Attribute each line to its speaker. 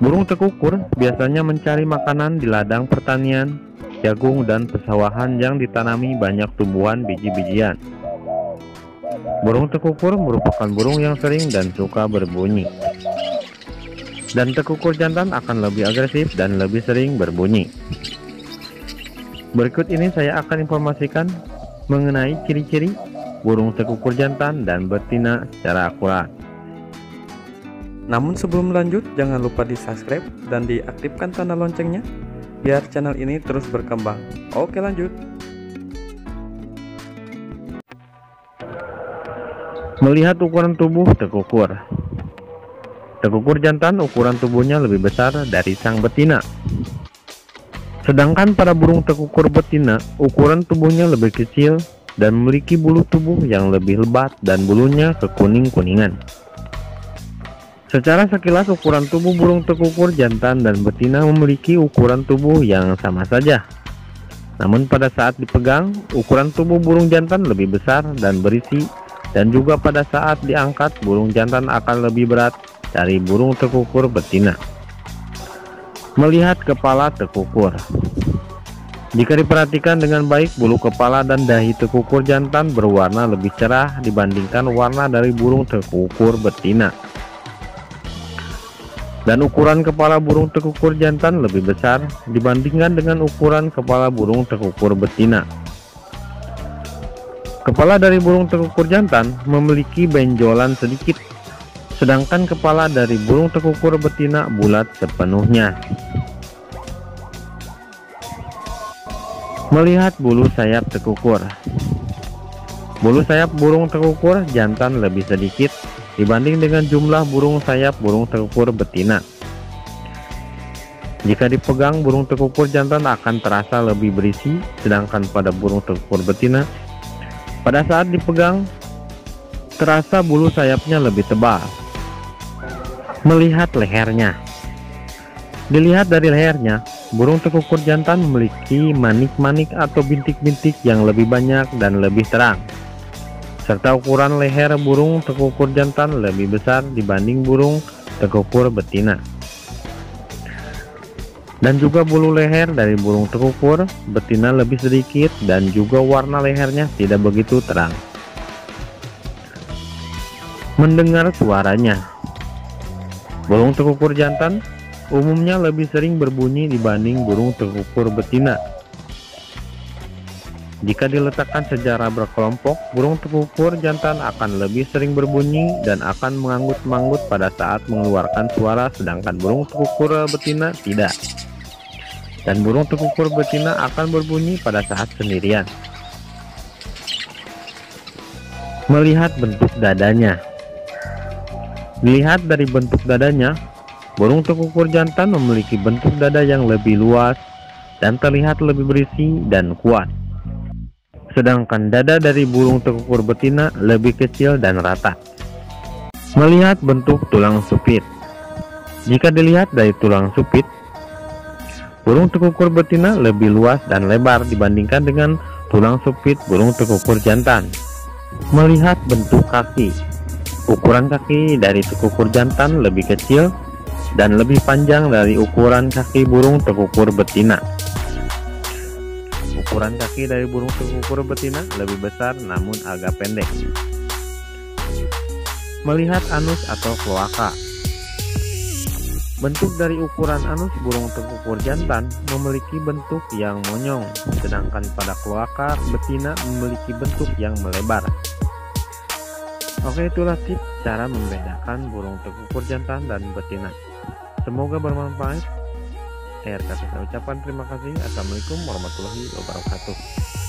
Speaker 1: Burung tekukur biasanya mencari makanan di ladang pertanian, jagung, dan pesawahan yang ditanami banyak tumbuhan biji-bijian. Burung tekukur merupakan burung yang sering dan suka berbunyi. Dan tekukur jantan akan lebih agresif dan lebih sering berbunyi. Berikut ini saya akan informasikan mengenai ciri-ciri burung tekukur jantan dan betina secara akurat. Namun sebelum lanjut, jangan lupa di subscribe dan diaktifkan tanda loncengnya biar channel ini terus berkembang. Oke lanjut. Melihat ukuran tubuh tekukur Tekukur jantan ukuran tubuhnya lebih besar dari sang betina Sedangkan para burung tekukur betina ukuran tubuhnya lebih kecil dan memiliki bulu tubuh yang lebih lebat dan bulunya kekuning-kuningan Secara sekilas ukuran tubuh burung tekukur jantan dan betina memiliki ukuran tubuh yang sama saja. Namun pada saat dipegang, ukuran tubuh burung jantan lebih besar dan berisi dan juga pada saat diangkat burung jantan akan lebih berat dari burung tekukur betina. Melihat kepala tekukur. Jika diperhatikan dengan baik, bulu kepala dan dahi tekukur jantan berwarna lebih cerah dibandingkan warna dari burung tekukur betina dan ukuran kepala burung tekukur jantan lebih besar dibandingkan dengan ukuran kepala burung tekukur betina. Kepala dari burung tekukur jantan memiliki benjolan sedikit, sedangkan kepala dari burung tekukur betina bulat sepenuhnya. Melihat bulu sayap tekukur Bulu sayap burung tekukur jantan lebih sedikit dibanding dengan jumlah burung sayap burung tekukur betina. Jika dipegang, burung tekukur jantan akan terasa lebih berisi, sedangkan pada burung tekukur betina, pada saat dipegang, terasa bulu sayapnya lebih tebal. Melihat lehernya, dilihat dari lehernya, burung tekukur jantan memiliki manik-manik atau bintik-bintik yang lebih banyak dan lebih terang serta ukuran leher burung tekukur jantan lebih besar dibanding burung tekukur betina. Dan juga bulu leher dari burung tekukur betina lebih sedikit dan juga warna lehernya tidak begitu terang. Mendengar suaranya Burung tekukur jantan umumnya lebih sering berbunyi dibanding burung tekukur betina jika diletakkan secara berkelompok, burung tekukur jantan akan lebih sering berbunyi dan akan menganggut-manggut pada saat mengeluarkan suara sedangkan burung tekukur betina tidak. Dan burung tekukur betina akan berbunyi pada saat sendirian. Melihat bentuk dadanya Dilihat dari bentuk dadanya, burung tekukur jantan memiliki bentuk dada yang lebih luas dan terlihat lebih berisi dan kuat sedangkan dada dari burung tekukur betina lebih kecil dan rata. Melihat bentuk tulang supit Jika dilihat dari tulang supit, burung tekukur betina lebih luas dan lebar dibandingkan dengan tulang supit burung tekukur jantan. Melihat bentuk kaki Ukuran kaki dari tekukur jantan lebih kecil dan lebih panjang dari ukuran kaki burung tekukur betina. Ukuran kaki dari burung sekukur betina lebih besar namun agak pendek. Melihat anus atau kloaka. Bentuk dari ukuran anus burung tengkukur jantan memiliki bentuk yang monyong, sedangkan pada kloaka betina memiliki bentuk yang melebar. Oke itulah tips cara membedakan burung tengkukur jantan dan betina. Semoga bermanfaat. Akhir kata saya ucapkan terima kasih. Assalamualaikum warahmatullahi wabarakatuh.